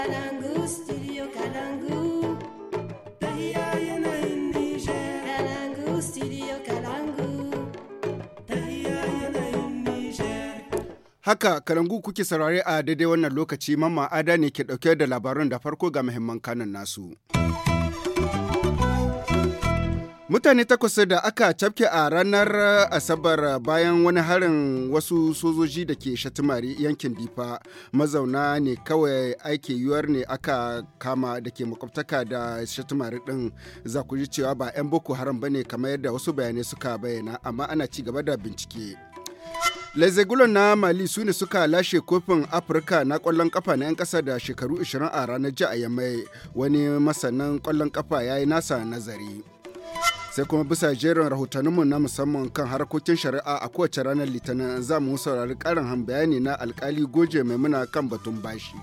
Kalangu, studio Haka Kalangu kuke saurare a daidai wannan lokaci mamma ada ne ke ɗauke da labarun da farko ga muhimman kanan nasu. Mutane takwas da aka cafke a ranar Asabar bayan wani harin wasu sojoji da ke shatimari yankin Difa mazauna ne kawai aike yiwuwar ne aka kama da ke makwabtaka da shatimari ɗin za ku ji cewa ba 'yan Boko Haram ba ne kamar yadda wasu bayanai suka bayyana amma ana ci gaba da bincike. Lezegulon na Mali su ne suka lashe kofin Afirka na ƙwallon kafa na 'yan ƙasa da shekaru 20 a ranar ji a Yamai wani masanin kwallon kafa ya yi nasa nazari. sai kuma bisa jerin rahotanninmu na musamman kan harkokin shari'a a kowace ranar litinin za mu saurari karin bayani na alkali goje maimuna kan batun bashi.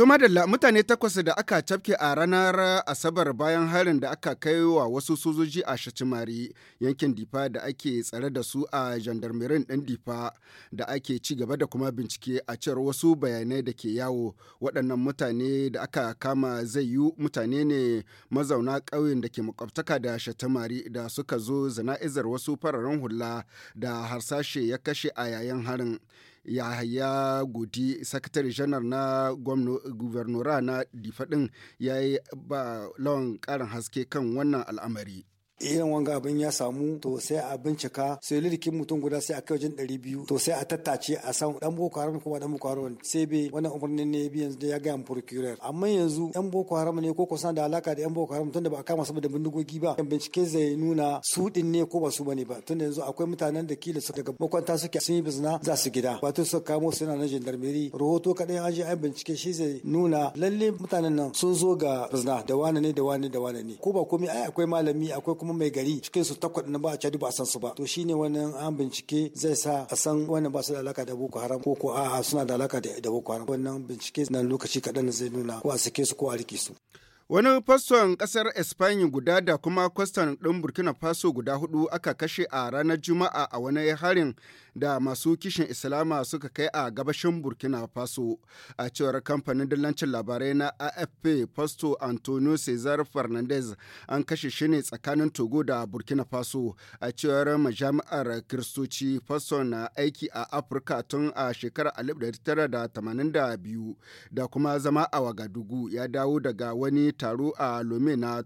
To mutane takwas da aka cafke a ranar Asabar bayan harin da aka kai wa wasu sojoji a Shacimari yankin Difa da ake tsare da su a jandarmerin ɗin Difa da ake ci gaba da kuma bincike a cewar wasu bayanai da ke yawo waɗannan mutane da aka kama zai yi mutane ne mazauna ƙauyen da ke makwabtaka da Shatimari da suka zo zana'izar wasu fararen hula da harsashe ya kashe a yayin harin. ya yahaya godi sakatare janar na gwamnora na difaɗin ya yi ba lawan ƙarin haske kan wannan al'amari. irin wanga abin ya samu to sai a bincika sai lirikin mutum guda sai a kai wajen ɗari biyu to sai a tattace a san ɗan boko haram kuma dan boko haram sai bai wannan umarnin ne bi yanzu ya gaya procurer amma yanzu yan boko haram ne ko kusan da alaka da yan boko haram tunda ba a kama saboda bindigogi ba bincike zai nuna su din ne ko ba su bane ba tunda yanzu akwai mutanen da kila su daga makwanta suke sun yi bizna za su gida wato su kamo su yana na jandarmeri rahoto kaɗai an je an bincike shi zai nuna lalle mutanen nan sun zo ga bizna da wane ne da wane da wane ne ko ba komai ai akwai malami akwai kuma kuma mai gari cikin su takwas na ba a cadi ba san su ba to shine wannan an bincike zai sa a san wannan ba su da alaka da boko haram ko ko a'a suna da alaka da boko haram wannan bincike nan lokaci kaɗan zai nuna ko a sake su ko a rike su Wani faston kasar Espanya guda da kuma kwastan ɗin Burkina Faso guda hudu aka kashe a ranar Juma'a a wani harin da masu kishin Islama suka kai a gabashin Burkina Faso. A cewar kamfanin dillancin labarai na AFP Fasto Antonio Cesar Fernandez an kashe shi ne tsakanin Togo da Burkina Faso. A cewar majami'ar Kiristoci Pasto na aiki a Afirka tun a shekarar 1982 da kuma zama a Wagadugu ya dawo daga wani taro a Lome na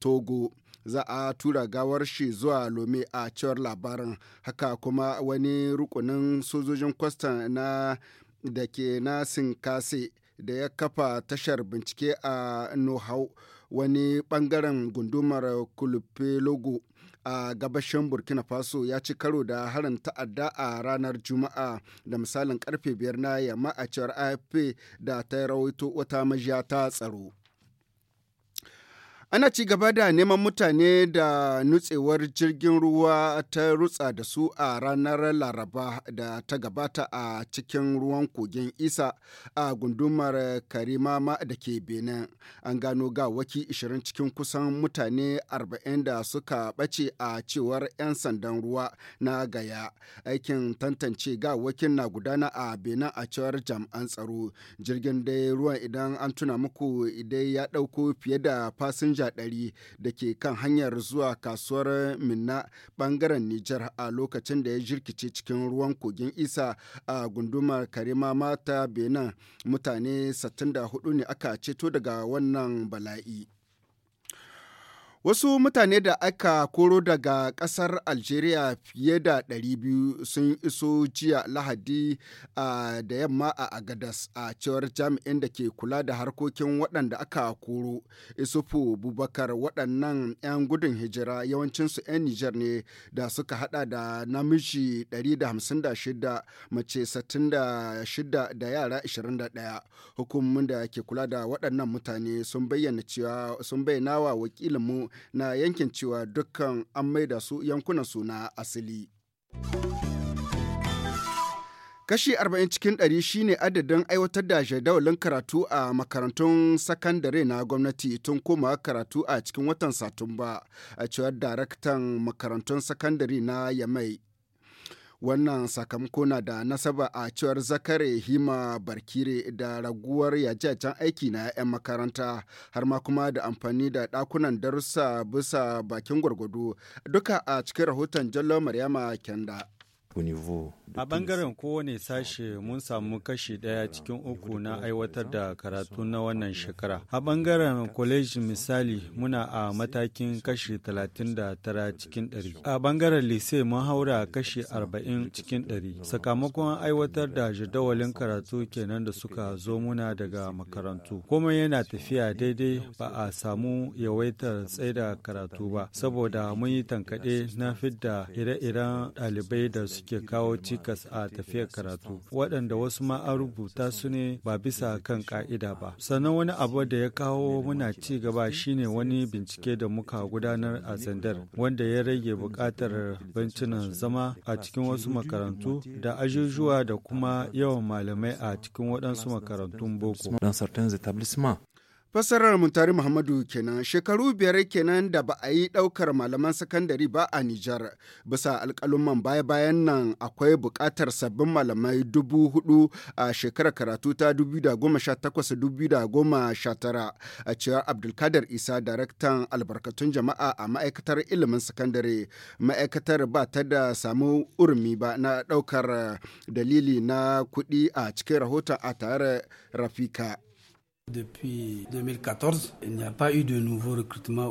Togo. za a tura gawar shi zuwa Lome a cewar labarin. Haka kuma wani rukunin sojojin kwastan na da ke na Sinkase da ya kafa tashar bincike a Nohau wani bangaren gundumar Kulupelogo. a gabashin burkina faso ya ci karo da harin ta'adda a ranar juma'a da misalin karfe biyar na yamma a cewar afp da ta rawaito wata majiya ta tsaro Ana ci gaba da neman mutane da nutsewar jirgin ruwa ta rutsa da su a ranar Laraba da ta gabata a cikin ruwan kogin Isa a gundumar Karimama da ke Benin. An gano gawaki 20 cikin kusan mutane 40 da suka bace a cewar 'yan sandan ruwa na Gaya. Aikin tantance gawakin na gudana a Benin a cewar jami'an tsaro. Jirgin dai ruwan idan an tuna muku idai ya ɗauko fiye da fasinja kilomita da ke kan hanyar zuwa kasuwar Minna bangaren Nijar a lokacin da ya jirkice cikin ruwan kogin Isa a gundumar Karima Mata Benin mutane 64 ne aka ceto daga wannan bala'i. Wasu mutane da aka koro daga ƙasar Algeria fiye da 200 sun iso jiya Lahadi a da yamma a Agadas a cewar jami'in da ke kula da harkokin waɗanda aka koro. Isufu Bubakar waɗannan 'yan gudun hijira yawancinsu 'yan Nijar ne da suka hada da namiji 156 mace 66 da yara 21. Hukumomin da ke kula da waɗannan mutane sun bayyana wa wakilinmu na yankin cewa dukkan an maida su yankunan su na asali. Kashi 40 cikin 100 shine adadin aiwatar da jadawalin karatu a makarantun sakandare na gwamnati tun koma karatu a cikin watan Satumba, a cewar daraktan makarantun sakandare na Yamai Wannan sakamako na da nasaba a cewar Zakare Hima Barkire da raguwar yajajen aiki na 'yan makaranta har ma kuma da amfani da ɗakunan darussa bisa bakin gwargwado duka a cikin rahoton Jallo Maryama Kenda. A ɓangaren kowane sashe mun samu kashi ɗaya cikin uku na aiwatar da karatu na wannan shekara. A ɓangaren kwaleji misali muna a matakin kashi 39 cikin 100. A ɓangaren lise mun haura kashi arba'in cikin 100. Sakamakon aiwatar da jadawalin karatu kenan da suka zo muna daga makarantu. Kuma yana tafiya daidai ba a samu yawaitar tsaida karatu ba saboda mun yi tankaɗe na fidda ire-iren ɗalibai da suke ke kawo cikas a tafiyar karatu waɗanda wasu ma an rubuta su ne ba bisa kan ka'ida ba sannan wani abu da ya kawo muna ci gaba shine wani bincike da muka gudanar a zandar wanda ya rage buƙatar bincinan zama a cikin wasu makarantu da ajujuwa da kuma yawan malamai a cikin waɗansu makarantun boko Fasarar Muntari Muhammadu kenan shekaru biyar kenan da ba a yi ɗaukar malaman sakandare ba a Nijar. Bisa alkalumman baya-bayan nan akwai bukatar sabbin malamai dubu hudu a shekarar karatu ta 2018-2019 a cewar Abdulkadir Isa daraktan albarkatun jama'a a ma'aikatar ilimin sakandare. Ma'aikatar ba ta da samu urmi ba na ɗaukar dalili na kuɗi a cikin rahoton a tare Rafika.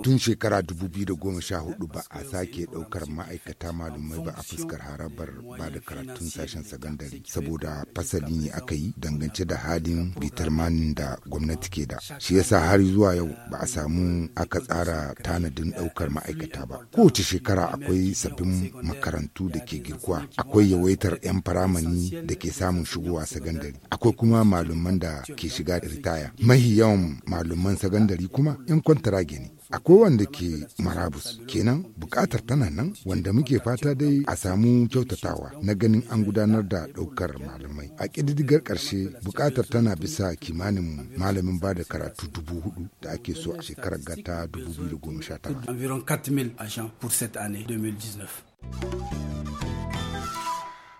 Tun shekara dubu biyu da goma sha hudu, Tun shekara ba a sake ɗaukar ma'aikata malumai ba a fuskar harabar ba da karatun sashen sakandare saboda fasali ne aka yi dangance da halin manin da gwamnati ke da. Shi yasa har zuwa yau ba a samu aka tsara tanadin ɗaukar ma'aikata ba. Kowace shekara akwai sabbin makarantu da ke girkuwa, akwai yawaitar 'yan firamani da ke samun shigowa sakandare. ko kuma malaman da ke shiga ritaya mahi yawan malaman sagandari kuma in kwantara gini akwai wanda ke marabus kenan bukatar tana nan wanda muke fata dai a samu kyautatawa na ganin an gudanar da ɗaukar malamai a ƙididdigar ƙarshe bukatar tana bisa kimanin malamin ba da karatu dubu hudu da ake so a shekarar gata dubu biyu goma sha 2019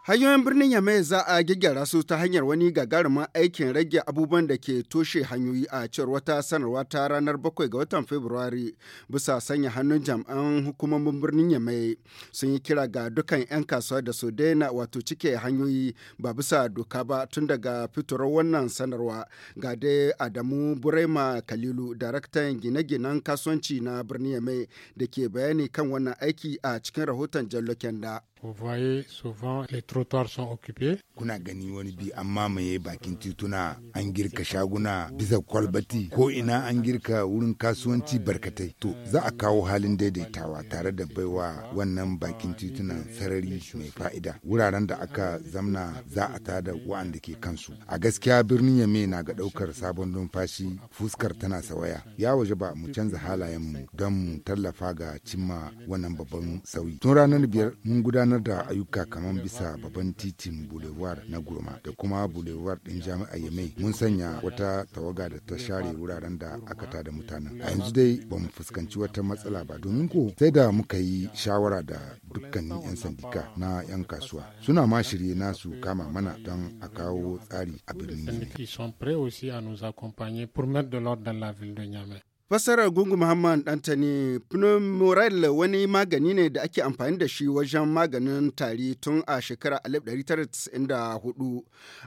Hanyoyin birnin Yamai za a gyaggyara su ta hanyar wani gagarumin aikin rage abubuwan da ke toshe hanyoyi a cewar wata sanarwa ta ranar 7 ga watan Fabrairu bisa sanya hannun jami'an hukumomin birnin Yamai sun yi kira ga dukkan 'yan kasuwa da su daina wato cike hanyoyi ba bisa doka ba tun daga fitowar wannan sanarwa ga dai Adamu Burema Kalilu daraktan gine-ginen kasuwanci na birnin Yamai da ke bayani kan wannan aiki a cikin rahoton Jallo Kenda. Vous voyez, souvent les trottoirs sont occupés. Kuna gani wani bi an mamaye bakin tituna an girka shaguna bisa kwalbati ko ina an girka wurin kasuwanci barkatai. To za a kawo halin daidaitawa tare da baiwa wannan bakin titunan sarari mai fa'ida. Wuraren da aka zamna za a tada wa'anda ke kansu. A gaskiya birnin Yame na ga ɗaukar sabon numfashi fuskar tana sawaya. Ya waje ba mu canza halayenmu don mu tallafa ga cimma wannan babban sauyi. Tun ranar biyar mun gudanar gudanar da ayyuka kamar bisa babban titin boulevard na gurma da kuma boulevard din jami'a yamai mun sanya wata tawaga da ta share wuraren da aka tada mutanen a yanzu dai ba mu fuskanci wata matsala ba domin ko sai da muka yi shawara da dukkanin 'yan sandika na 'yan kasuwa suna ma shirye nasu kama mana don a kawo tsari a birnin Niamey. Fasarar Gungu Muhammad Dantani Pneumorel wani magani ne da ake amfani da shi wajen maganin tari tun a shekarar 1994.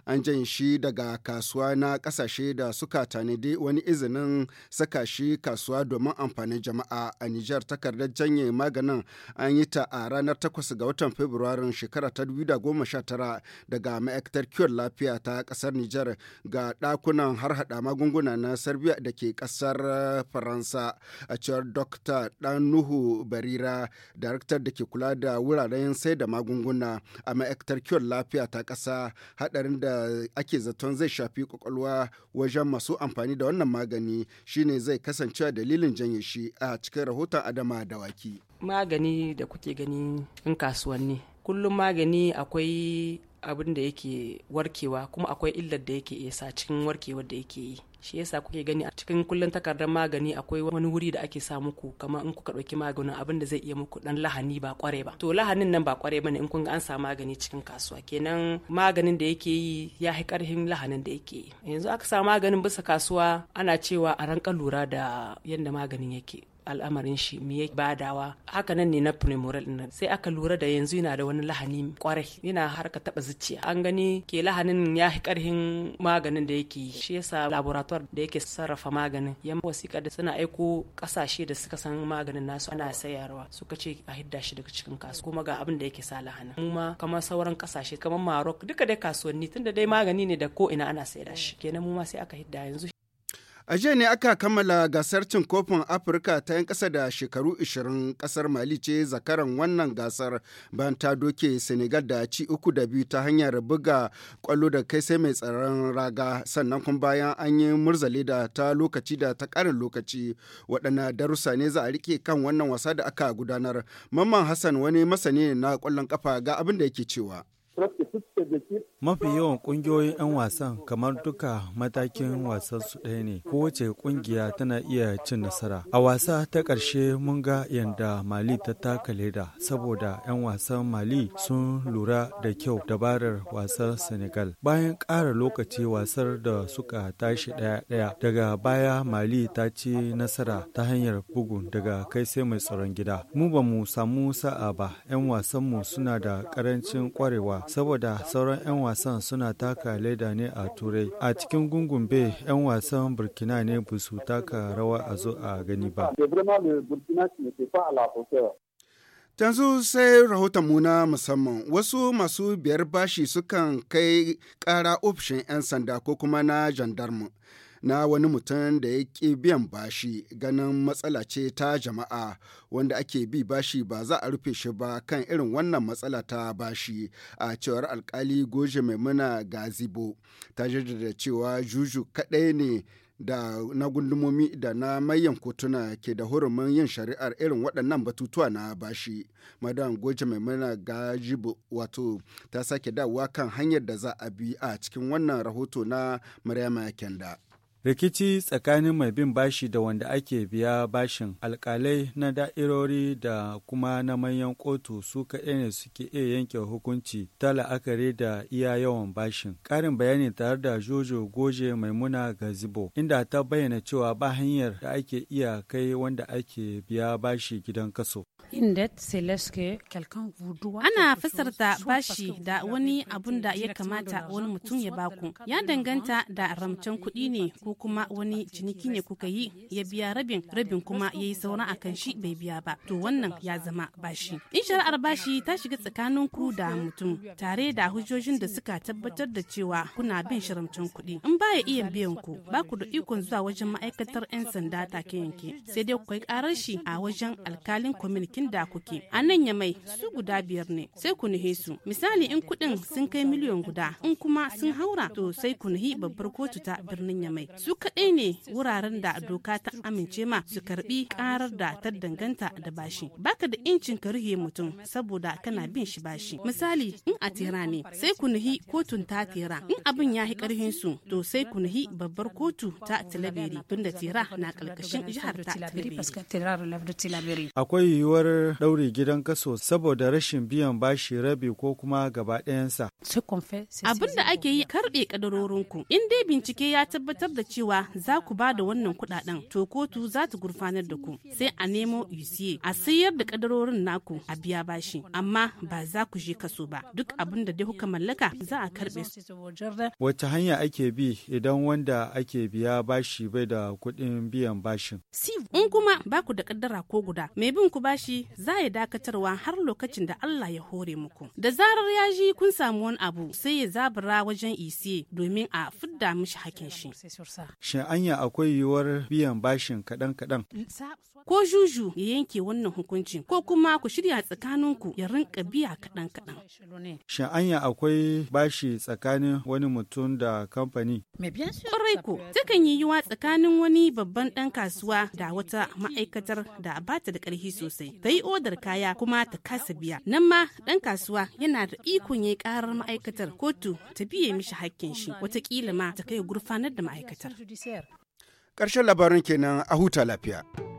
An jan shi daga kasuwa na kasashe da suka tanadi wani izinin saka shi kasuwa domin amfanin jama'a a Nijar takardar janye maganin an yi ta a ranar 8 ga watan Fabrairun shekara ta 2019 daga ma'aikatar kiwon lafiya ta kasar Nijar ga ɗakunan harhaɗa magunguna na Serbia da ke kasar faransa a cewar dr danuhu barira daraktar da ke kula da wuraren sai da magunguna a ma'aikatar kiwon lafiya ta ƙasa haɗarin da ake zaton zai shafi kwakwalwa wajen masu amfani da wannan magani shine zai kasance dalilin janye shi a cikin rahoton adama da waki magani da kuke gani in kasuwanni kullum magani akwai abin da yake warkewa kuma akwai illar da yake isa cikin warkewar da yake yi shi yasa kuke gani a cikin kullun takardar magani akwai wani wuri da ake sa muku kamar in kuka ɗauki maganin abin da zai iya muku dan lahani ba kware ba to lahanin nan ba kware bane in kun ga an sa magani cikin kasuwa kenan maganin da yake yi ya fi karhin lahanin da yake yi yanzu aka sa maganin bisa kasuwa ana cewa a ranka lura da yadda maganin yake al'amarin shi me ya badawa haka nan ne na pneumorel din sai aka lura da yanzu yana da wani lahani kwarai yana harka taba zuciya an gani ke lahanin ya fi karhin maganin da yake shi yasa laboratoire da yake sarrafa maganin yan wasiƙa da suna aiko kasashe da suka san maganin nasu ana sayarwa suka ce a hidda shi daga cikin kasu kuma ga abin da yake sa lahanin mu ma kamar sauran kasashe kamar Maroc duka dai kasuwanni tunda dai magani ne da ko ina ana sayar shi kenan mu ma sai aka hidda yanzu A jiya ne aka kammala gasar cin kofin Afirka ta 'yan ƙasa da shekaru 20 ƙasar Mali ce zakaran wannan gasar bayan ta doke Senegal da ci uku da biyu ta hanyar buga kwallo da kai sai mai tsaron raga sannan kuma bayan an yi murzale da ta lokaci da ta ƙarin lokaci waɗanne darussa ne za a rike kan wannan wasa da aka gudanar. Mamman Hassan wani masani na ƙwallon kafa ga abin da yake cewa. Mafi yawan ƙungiyoyin 'yan wasan kamar duka matakin wasan su ɗaya ne, kowace ƙungiya tana iya cin nasara. A wasa ta ƙarshe mun ga yadda Mali ta taka leda saboda 'yan wasan Mali sun lura da kyau dabarar wasan Senegal. Bayan ƙara lokaci wasar da suka tashi ɗaya-ɗaya daga baya Mali ta ci nasara ta hanyar bugun daga kai sai mai tsaron gida. Mu ba mu samu sa'a ba, 'yan wasanmu suna da ƙarancin ƙwarewa saboda sauran 'yan wasan suna taka leda ne a Turai. A cikin gungun be 'yan wasan Burkina ne busu su taka rawa a zo a gani ba. Tanzu sai rahoton muna musamman wasu masu biyar bashi sukan kai kara ofishin 'yan sanda ko kuma na jandarmu. na wani mutum da ya ƙi biyan bashi ganin matsala ce ta jama'a wanda ake bi bashi ba za a rufe shi ba kan irin wannan matsala ta bashi a cewar alkali goje maimuna gazibo ta jaddada cewa juju kaɗai ne da na gundumomi da na mayan kotuna ke da hurumin yin shari'ar irin waɗannan batutuwa na bashi madan goje mai mana gajibu wato ta sake dawowa kan hanyar da za a bi a cikin wannan rahoto na maryama kenda rikici tsakanin mai bin bashi da wanda ake biya bashin alkalai na da'irori da kuma na manyan kotu su kaɗai ne suke iya yanke hukunci ta la'akari da iya yawan bashin ƙarin bayani tare da jojo goje maimuna zibo inda ta bayyana cewa ba hanyar da ake iya kai wanda ake biya bashi gidan kaso ana fasarta bashi da wani abun da ya kamata wani mutum ya baku ya danganta da ramcen kuɗi ne ko kuma wani ciniki ne kuka yi ya biya rabin rabin kuma ya yi sauran kan shi bai biya ba to wannan ya zama bashi in shari'ar bashi ta shiga tsakanin ku da mutum tare da hujjojin da suka tabbatar da cewa kuna bin shiramcin kuɗi in ba ya iya biyan ku ba ku da ikon zuwa wajen ma'aikatar 'yan sanda ta ke yanke sai dai ku karar shi a wajen alkalin kwaminikin da kuke a nan ya mai su guda biyar ne sai ku nuhe su misali in kuɗin sun kai miliyan guda in kuma sun haura to sai ku nuhi babbar kotu ta birnin ya mai su kaɗai ne wuraren da doka ta amince ma su karbi karar da ta danganta da bashi. Baka da incin ka rufe mutum saboda kana bin shi bashi. Misali in a tera ne sai ku nahi kotun ta tera in abin ya karfin su to sai ku nahi babbar kotu ta Tilaberi tunda tera na ƙarƙashin jihar ta Tilaberi. Akwai yiwuwar ɗaure gidan kaso saboda rashin biyan bashi rabi ko kuma gaba ɗayansa. Abin da ake yi karɓe ku. in dai bincike ya tabbatar da cewa za ku ba da wannan kuɗaɗen to kotu za ta gurfanar da ku sai a nemo UCA a sayar da kadarorin naku a biya bashi amma ba za ku je kaso ba duk abin da dai kuka mallaka za a karbe su. Wace hanya ake bi idan wanda ake biya bashi bai da kuɗin biyan bashin? In kuma ba ku da kaddara ko guda mai bin ku bashi za ya dakatarwa har lokacin da Allah ya hore muku. Da zarar ya ji kun samu wani abu sai ya zabura wajen isiye domin a fidda mishi hakin shi. ƙasa. Shin anya akwai yiwuwar biyan bashin kaɗan-kaɗan? ko juju ya yanke wannan hukuncin ko kuma ku shirya tsakaninku ya rinka biya kaɗan kaɗan. Sha'anya akwai bashi tsakanin wani mutum da kamfani. Ƙwarai ko takan yi yiwa tsakanin wani babban ɗan kasuwa da wata ma'aikatar da ba ta da ƙarfi sosai ta yi odar kaya kuma ta kasa biya nan ma ɗan kasuwa yana da ikon ya ƙarar ma'aikatar kotu ta biye mishi hakkin shi watakila ma ta kai gurfanar da ma'aikatar. Karshen labarin kenan a huta lafiya.